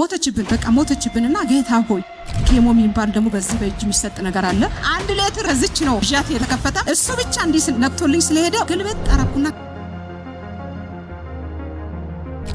ሞተችብን በቃ ሞተችብን። እና ጌታ ሆይ ኬሞ የሚባል ደግሞ በዚህ በእጅ የሚሰጥ ነገር አለ። አንድ ሌትር እዚች ነው ዣት የተከፈተ እሱ ብቻ እንዲህ ነቅቶልኝ ስለሄደ ግልበት ጠረኩና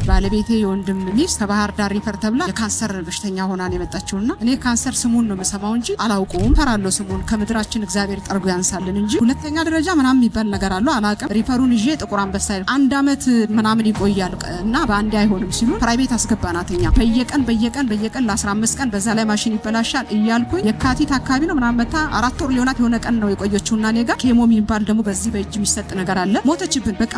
ባለቤቴ የወንድም ሚስ ከባህር ዳር ሪፈር ተብላ የካንሰር በሽተኛ ሆና ነው የመጣችውና እኔ ካንሰር ስሙን ነው የምሰማው እንጂ አላውቀውም። ፈራለሁ ስሙን ከምድራችን እግዚአብሔር ጠርጎ ያንሳልን እንጂ ሁለተኛ ደረጃ ምናምን የሚባል ነገር አለው አላውቅም። ሪፈሩን ይዤ ጥቁር አንበሳ አንድ አመት ምናምን ይቆያል እና በአንዴ አይሆንም ሲሉ ፕራይቬት አስገባናት። እኛ በየቀን በየቀን በየቀን ለ15 ቀን በዛ ላይ ማሽን ይበላሻል እያልኩኝ የካቲት አካባቢ ነው ምናምን መታ አራት ወር ሊሆናት የሆነ ቀን ነው የቆየችውና እኔ ጋር ኬሞ የሚባል ደግሞ በዚህ በእጅ የሚሰጥ ነገር አለ ሞተችብን። በቃ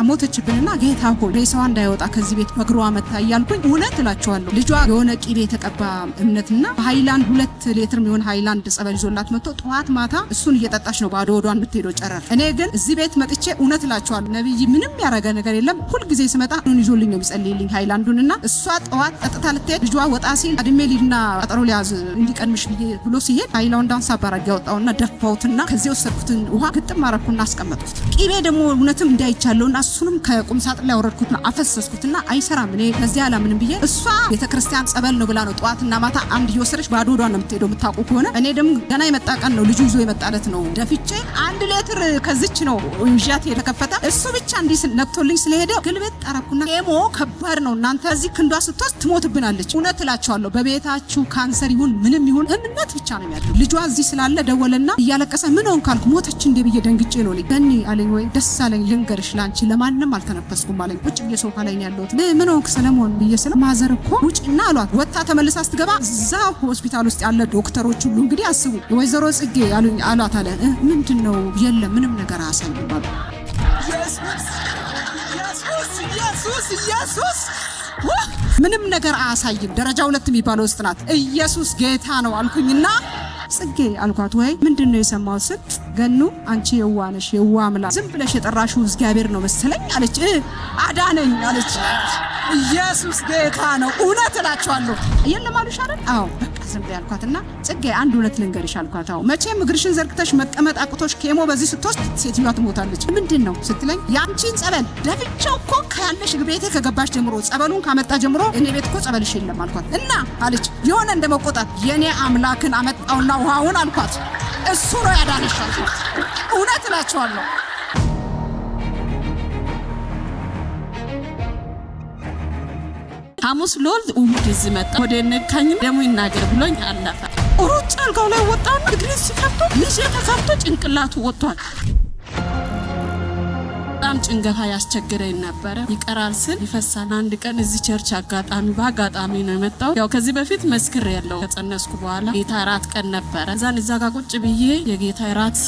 እና ጌታ ሆይ ሰዋ እንዳይወጣ ከዚህ ቤት መግሮ መታ እያልኩኝ እውነት እላችኋለሁ ልጇ የሆነ ቂቤ የተቀባ እምነትና በሀይላንድ ሁለት ሌትርም የሆነ ሀይላንድ ጸበል ይዞላት መጥቶ ጠዋት ማታ እሱን እየጠጣች ነው ባዶ ወዷን የምትሄደው ጨረር። እኔ ግን እዚህ ቤት መጥቼ እውነት እላችኋለሁ ነብይ ምንም ያረገ ነገር የለም። ሁልጊዜ ስመጣ ኑን ይዞልኝ ነው የሚጸልይልኝ ሀይላንዱንና እሷ ጠዋት ጠጥታ ልትሄድ ልጇ ወጣ ሲል አድሜ ሊድና ቀጠሮ ሊያዝ እንዲቀንምሽ ብዬ ብሎ ሲሄድ ሀይላንዷን ሳባራግ ያወጣውና ደፋውትና ከዚህ ወሰድኩትን ውሃ ግጥም አረኩና አስቀመጥኩት። ቂቤ ደግሞ እውነትም እንዳይቻለውና እሱንም ከቁምሳጥን ላይ ያወረድኩትና አፈሰስኩትና አይሰራም አላምንም፣ እኔ ከዚህ አላምንም ብዬ እሷ ቤተክርስቲያን ጸበል ነው ብላ ነው ጠዋትና ማታ አንድ እየወሰደች ባዶ ሆዷን ነው የምትሄደው የምታውቁ ከሆነ እኔ ደግሞ ገና የመጣ ቀን ነው ልጁ ይዞ የመጣለት ነው ደፍቼ አንድ ሌትር ከዚች ነው ይዣት የተከፈተ እሱ ብቻ እንዲህ ነክቶልኝ ስለሄደ ግልብጥ አረኩና ኤሞ ከባድ ነው እናንተ እዚህ ክንዷ ስትወስ ትሞትብናለች። እውነት እላቸዋለሁ በቤታችሁ ካንሰር ይሁን ምንም ይሁን እምነት ብቻ ነው የሚያደርግ ልጇ እዚህ ስላለ ደወለና እያለቀሰ ምን ሆን ካልኩ ሞተች እንዴ ብዬ ደንግጬ ነው ልኝ ገኒ አለኝ ወይ ደስ አለኝ ልንገርሽ ላንቺ ለማንም አልተነፈስኩም አለኝ ቁጭ ብዬ ሶፋ ላይ ያለሁት ምን ዶክ ሰለሞን ብዬ ስለ ማዘር እኮ ውጭና አሏት። ወጥታ ተመልሳ ስትገባ እዛ ሆስፒታል ውስጥ ያለ ዶክተሮች ሁሉ እንግዲህ አስቡ ወይዘሮ ጽጌ ያሉኝ አሏት አለ። ምንድን ነው የለም ምንም ነገር አሰብ ምንም ነገር አያሳይም። ደረጃ ሁለት የሚባለው ውስጥ ናት። ኢየሱስ ጌታ ነው አልኩኝና ጽጌ አልኳት፣ ወይ ምንድን ነው የሰማው? ስል ገኑ አንቺ የዋነሽ የዋ ምላ ዝም ብለሽ የጠራሽው እግዚአብሔር ነው መሰለኝ አለች። አዳነኝ አለች። ኢየሱስ ጌታ ነው። እውነት እላችኋለሁ። የለም አሉሽ አይደል? አዎ ዝም በይ አልኳትና ጽጌ አንድ እውነት ልንገርሽ አልኳት። አዎ መቼም እግርሽን ዘርግተሽ መቀመጥ አቅቶሽ ኬሞ በዚህ ስትወስድ ሴትዮዋ ትሞታለች። ምንድን ነው ስትለኝ ያንቺን ጸበል ደፍቼው እኮ ከያለሽ ቤቴ ከገባሽ ጀምሮ ጸበሉን ካመጣ ጀምሮ እኔ ቤት እኮ ጸበልሽ የለም አልኳት እና አለች የሆነ እንደ መቆጣት የእኔ አምላክን አመጣውና ውሃውን አልኳት እሱ ነው ያዳነሽ አልኳት። እውነት እላችኋለሁ ሐሙስ ሎልድ እሑድ እዚህ መጣ ወደ ነካኝ ደሙ ይናገር ብሎኝ አላፈ ሩጭ አልጋው ላይ ወጣና እግሬ ሲከፍቶ ልጅ ተከፍቶ ጭንቅላቱ ወጥቷል። በጣም ጭንገፋ ያስቸግረኝ ነበረ። ይቀራል ስል ይፈሳል። አንድ ቀን እዚህ ቸርች አጋጣሚ በአጋጣሚ ነው የመጣው። ያው ከዚህ በፊት መስክር ያለው ከጸነስኩ በኋላ ጌታ ራት ቀን ነበረ። እዛን እዛ ጋር ቁጭ ብዬ የጌታ ራት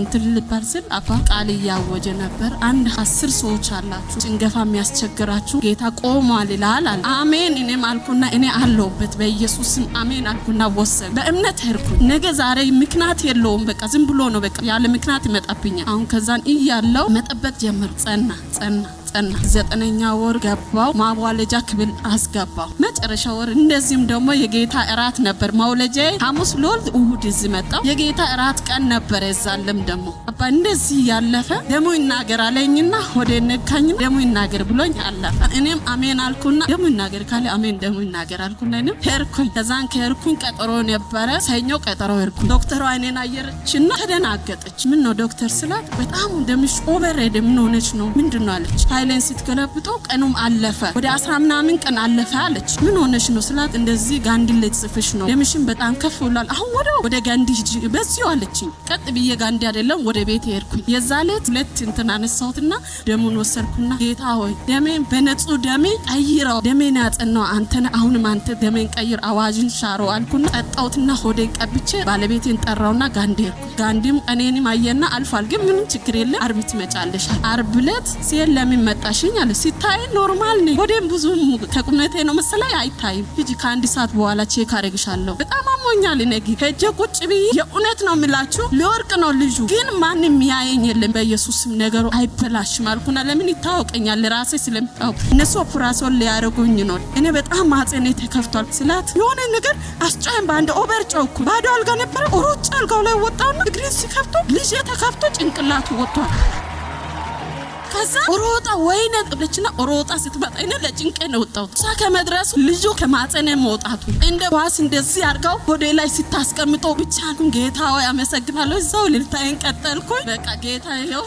እንትን ልባል ስል አባ ቃል እያወጀ ነበር። አንድ አስር ሰዎች አላችሁ ጭንገፋ የሚያስቸግራችሁ ጌታ ቆሟል ይላል አለ። አሜን እኔም አልኩና እኔ አለውበት በኢየሱስም አሜን አልኩና ወሰን በእምነት ሄድኩ። ነገ ዛሬ ምክንያት የለውም። በቃ ዝም ብሎ ነው በቃ ያለ ምክንያት ይመጣብኛል። አሁን ከዛን እያለው መጠበቅ ጀምር ጸና ጸና አስጠና። ዘጠነኛ ወር ገባው፣ ማዋለጃ ክብል አስገባው። መጨረሻ ወር እንደዚህም ደግሞ የጌታ እራት ነበር። ማውለጃ ሐሙስ ሎል እሁድ እዚህ መጣው። የጌታ እራት ቀን ነበረ። የዛለም ደግሞ አባ እንደዚህ ያለፈ ደሞ ይናገር አለኝና ወደ ነካኝ ደሞ ይናገር ብሎኝ አለፈ። እኔም አሜን አልኩና ደሞ ይናገር ካለ አሜን ደሞ ይናገር አልኩና እኔም ሄርኩኝ። ከዛን ከሄርኩኝ ቀጠሮ ነበረ ሰኞ ቀጠሮ ሄርኩኝ። ዶክተሯ እኔን አየረችና ተደናገጠች። ምን ነው ዶክተር ስላት በጣም ደምሽ ኦቨር ደምን ሆነች ነው ምንድን ነው አለች። ሞባይልን ስትገለብጠው ቀኑም አለፈ፣ ወደ አስራ ምናምን ቀን አለፈ አለች። ምን ሆነሽ ነው ስላት፣ እንደዚህ ጋንዲ ጽፍሽ ነው ደምሽን በጣም ከፍ ብሏል። አሁን ወደ ወደ ጋንዲ ሂጂ በዚሁ አለችኝ። ቀጥ ብዬ ጋንዲ አይደለም ወደ ቤት ሄድኩኝ። የዛ ሌት ሁለት እንትን አነሳሁትና ደሙን ወሰድኩና ጌታ ሆይ ደሜን በነጹ ደሜ ቀይረው፣ ደሜን ያጸናው አንተን፣ አሁንም አንተ ደሜን ቀይር፣ አዋጅን ሻሮ አልኩና ጠጣሁትና ሆዴን ቀብቼ ባለቤቴን ጠራውና ጋንዲ ሄድኩ። ጋንዲም እኔንም አየና አልፏል፣ ግን ምንም ችግር የለም አርብ ትመጫለሻል። አርብ ዕለት ሲሄድ ለምን አመጣሽኝ አለ። ሲታይ ኖርማል ነኝ። ወደም ብዙ ከቁመቴ ነው መሰለኝ አይታይም። ሂጂ ከአንድ ሰዓት በኋላ ቼክ አረግሻለሁ። በጣም አሞኛል። ነጊ ከጀ ቁጭ ብዬ የእውነት ነው የሚላችሁ ሊወርቅ ነው ልጁ። ግን ማንም ያየኝ የለም። በኢየሱስ ነገሩ አይበላሽም አልኩና ለምን ይታወቀኛል ራሴ ስለምታወቅ እነሱ ኦፕራሲዮን ሊያደርጉኝ ነው። እኔ በጣም ማጽኔ ተከፍቷል ስላት የሆነ ነገር አስጫይም በአንድ ኦቨር ጨውኩ። ባዶ አልጋ ነበረ ሩጭ አልጋው ላይ ወጣውና እግሬን ሲከፍቶ ልጅ ተከፍቶ ጭንቅላቱ ወጥቷል። ከዛ ሮጣ ወይ ብለችና ሮጣ ስትመጣ ይነ ለጭንቄ ነው ወጣሁት። እሷ ከመድረሱ ልጁ ከማጸነ መውጣቱ እንደ ዋስ እንደዚህ አርጋው ሆዴ ላይ ስታስቀምጠው ብቻ ነው። ጌታ ሆይ አመሰግናለሁ። እዛው ልልታዬን ቀጠልኩኝ። በቃ ጌታ ይኸው